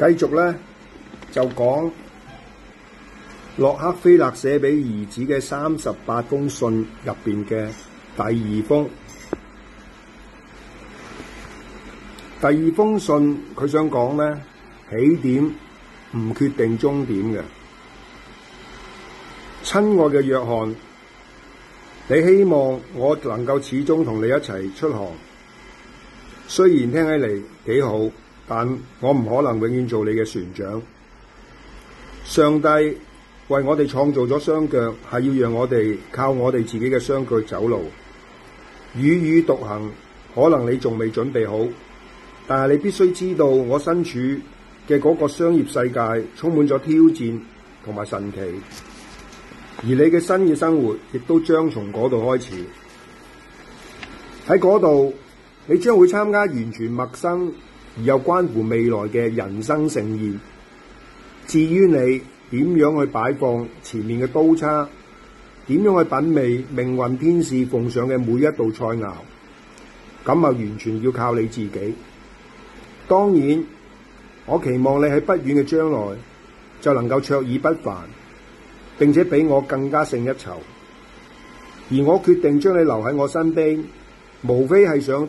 繼續咧就講洛克菲勒寫俾兒子嘅三十八封信入邊嘅第二封。第二封信佢想講咧，起點唔決定終點嘅。親愛嘅約翰，你希望我能夠始終同你一齊出航，雖然聽起嚟幾好。但我唔可能永遠做你嘅船長。上帝為我哋創造咗雙腳，係要讓我哋靠我哋自己嘅雙腳走路，踽踽獨行。可能你仲未準備好，但係你必須知道，我身處嘅嗰個商業世界充滿咗挑戰同埋神奇，而你嘅新嘅生活亦都將從嗰度開始。喺嗰度，你將會參加完全陌生，而有關乎未來嘅人生盛宴。至於你點樣去擺放前面嘅刀叉，點樣去品味命運天使奉上嘅每一道菜肴，咁啊完全要靠你自己。當然，我期望你喺不遠嘅將來就能夠卓爾不凡，並且比我更加勝一籌。而我決定將你留喺我身邊，無非係想。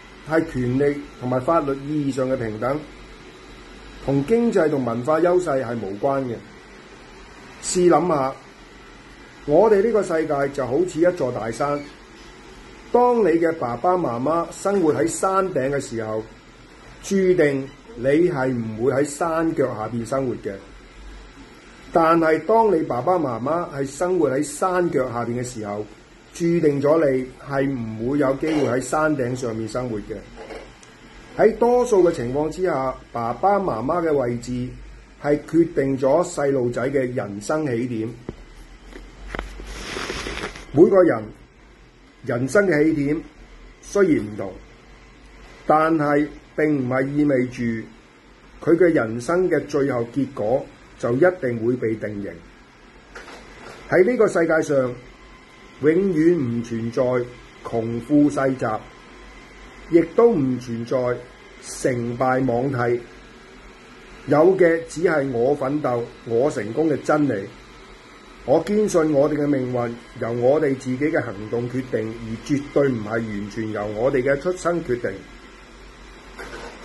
係權力同埋法律意義上嘅平等，同經濟同文化優勢係無關嘅。試諗下，我哋呢個世界就好似一座大山，當你嘅爸爸媽媽生活喺山頂嘅時候，註定你係唔會喺山腳下邊生活嘅。但係當你爸爸媽媽係生活喺山腳下邊嘅時候，註定咗你係唔會有機會喺山頂上面生活嘅。喺多數嘅情況之下，爸爸媽媽嘅位置係決定咗細路仔嘅人生起點。每個人人生嘅起點雖然唔同，但係並唔係意味住佢嘅人生嘅最後結果就一定會被定型。喺呢個世界上，永遠唔存在窮富世襲，亦都唔存在成敗罔替。有嘅只係我奮鬥、我成功嘅真理。我堅信我哋嘅命運由我哋自己嘅行動決定，而絕對唔係完全由我哋嘅出生決定。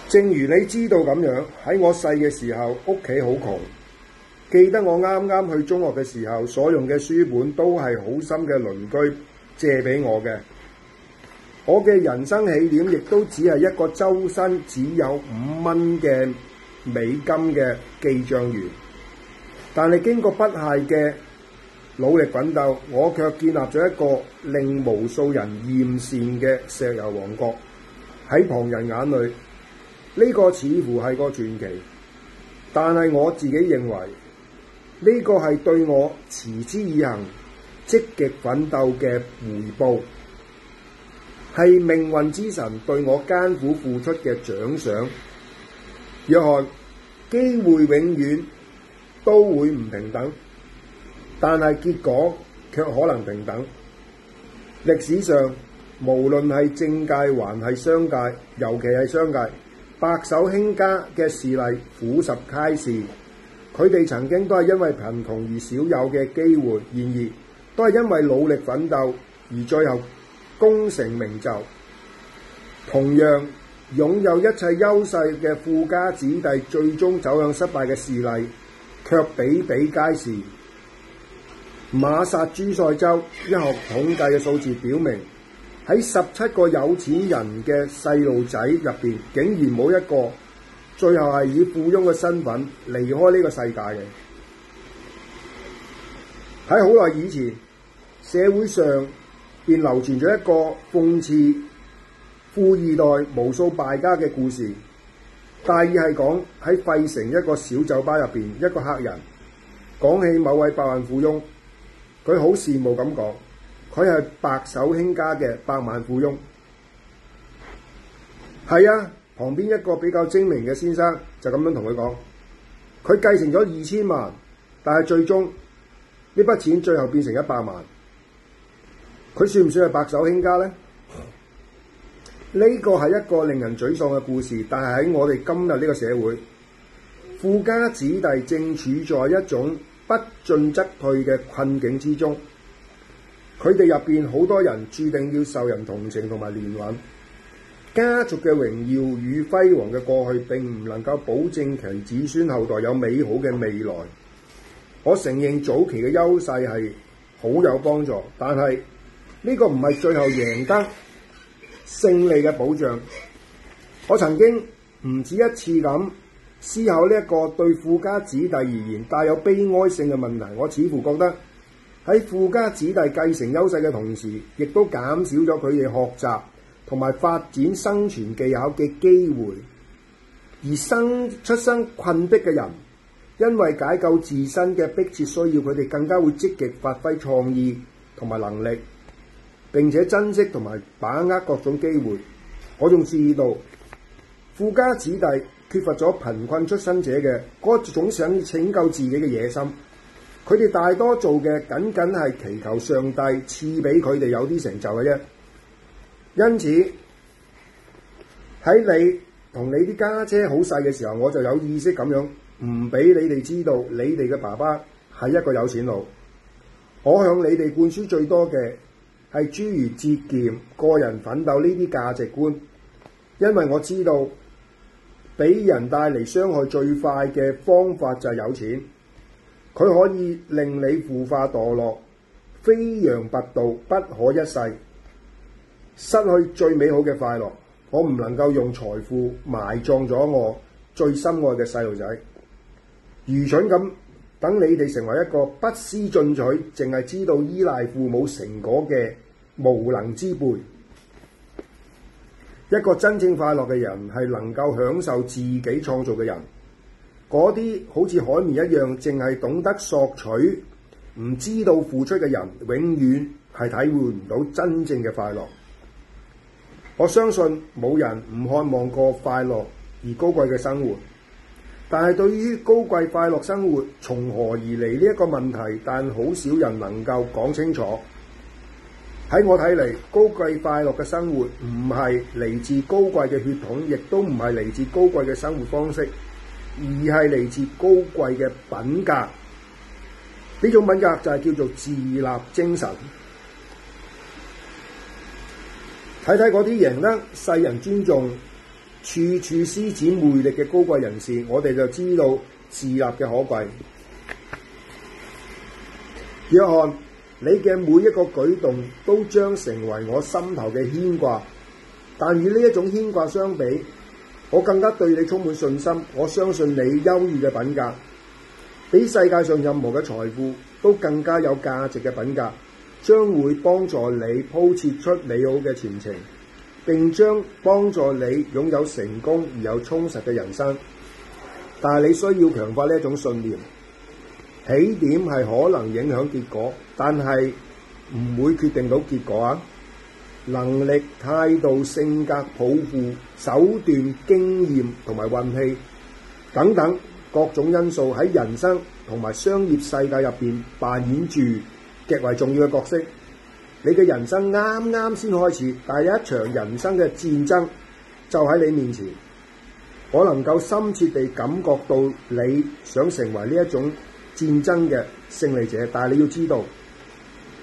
正如你知道咁樣，喺我細嘅時候，屋企好窮。記得我啱啱去中學嘅時候，所用嘅書本都係好心嘅鄰居借俾我嘅。我嘅人生起點亦都只係一個周身只有五蚊嘅美金嘅記帳員。但係經過不懈嘅努力奮鬥，我卻建立咗一個令無數人艷羨嘅石油王國。喺旁人眼裏，呢個似乎係個傳奇，但係我自己認為。呢個係對我持之以恆、積極奮鬥嘅回報，係命運之神對我艱苦付出嘅獎賞。約翰，機會永遠都會唔平等，但係結果卻可能平等。歷史上，無論係政界還係商界，尤其係商界，白手興家嘅事例俯拾皆是。佢哋曾經都係因為貧窮而少有嘅機會，然而都係因為努力奮鬥而最後功成名就。同樣擁有一切優勢嘅富家子弟，最終走向失敗嘅事例，卻比比皆是。馬薩諸塞州一項統計嘅數字表明，喺十七個有錢人嘅細路仔入邊，竟然冇一個，最後係以富翁嘅身份離開呢個世界嘅。喺好耐以前，社會上便流傳咗一個諷刺富二代無數敗家嘅故事。大意係講喺費城一個小酒吧入邊，一個客人講起某位百萬富翁，佢好羨慕咁講，佢係白手興家嘅百萬富翁。係啊。旁邊一個比較精明嘅先生就咁樣同佢講，佢繼承咗二千萬，但係最終呢筆錢最後變成一百萬，佢算唔算係白手興家呢？呢個係一個令人沮喪嘅故事，但係喺我哋今日呢個社會，富家子弟正處在一種不進則退嘅困境之中，佢哋入邊好多人注定要受人同情同埋憐憫。家族嘅榮耀與輝煌嘅過去並唔能夠保證其子孫後代有美好嘅未來。我承認早期嘅優勢係好有幫助，但係呢個唔係最後贏得勝利嘅保障。我曾經唔止一次咁思考呢一個對富家子弟而言帶有悲哀性嘅問題。我似乎覺得喺富家子弟繼承優勢嘅同時，亦都減少咗佢哋學習同埋發展生存技巧嘅機會，而生出生困迫嘅人，因為解救自身嘅迫切需要，佢哋更加會積極發揮創意同埋能力，並且珍惜同埋把握各種機會。我仲注意到，富家子弟缺乏咗貧困出身者嘅嗰種想拯救自己嘅野心，佢哋大多做嘅僅僅係祈求上帝賜俾佢哋有啲成就嘅啫。因此喺你同你啲家姐好細嘅時候，我就有意識咁樣唔俾你哋知道你哋嘅爸爸係一個有錢佬。我向你哋灌輸最多嘅係諸如節儉、個人奮鬥呢啲價值觀，因為我知道俾人帶嚟傷害最快嘅方法就係有錢。佢可以令你腐化墮落，飛揚跋扈，不可一世。失去最美好嘅快樂，我唔能夠用財富埋葬咗我最心愛嘅細路仔。愚蠢咁等你哋成為一個不思進取，淨係知道依賴父母成果嘅無能之輩。一個真正快樂嘅人係能夠享受自己創造嘅人。嗰啲好似海綿一樣淨係懂得索取，唔知道付出嘅人，永遠係體會唔到真正嘅快樂。我相信冇人唔渴望過快樂而高貴嘅生活，但係對於高貴快樂生活從何而嚟呢一個問題，但好少人能夠講清楚。喺我睇嚟，高貴快樂嘅生活唔係嚟自高貴嘅血統，亦都唔係嚟自高貴嘅生活方式，而係嚟自高貴嘅品格。呢種品格就係叫做自立精神。睇睇嗰啲贏得世人尊重、處處施展魅力嘅高貴人士，我哋就知道自立嘅可貴。約翰， 你嘅每一個舉動都將成為我心頭嘅牽掛，但與呢一種牽掛相比，我更加對你充滿信心。我相信你優越嘅品格，比世界上任何嘅財富都更加有價值嘅品格。將會幫助你鋪設出美好嘅前程，並將幫助你擁有成功而有充實嘅人生。但係你需要強化呢一種信念。起點係可能影響結果，但係唔會決定到結果啊！能力、態度、性格、抱負、手段、經驗同埋運氣等等各種因素喺人生同埋商業世界入邊扮演住極為重要嘅角色，你嘅人生啱啱先開始，但係一場人生嘅戰爭就喺你面前。我能夠深切地感覺到你想成為呢一種戰爭嘅勝利者，但係你要知道，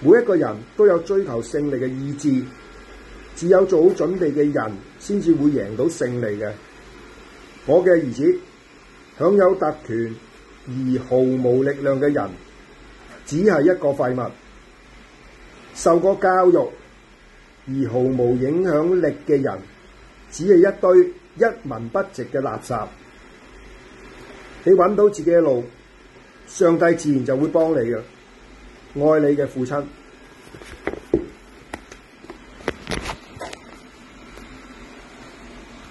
每一個人都有追求勝利嘅意志，只有做好準備嘅人先至會贏到勝利嘅。我嘅兒子，享有特權而毫無力量嘅人只係一個廢物，受過教育而毫無影響力嘅人，只係一堆一文不值嘅垃圾。你揾到自己嘅路，上帝自然就會幫你嘅。愛你嘅父親。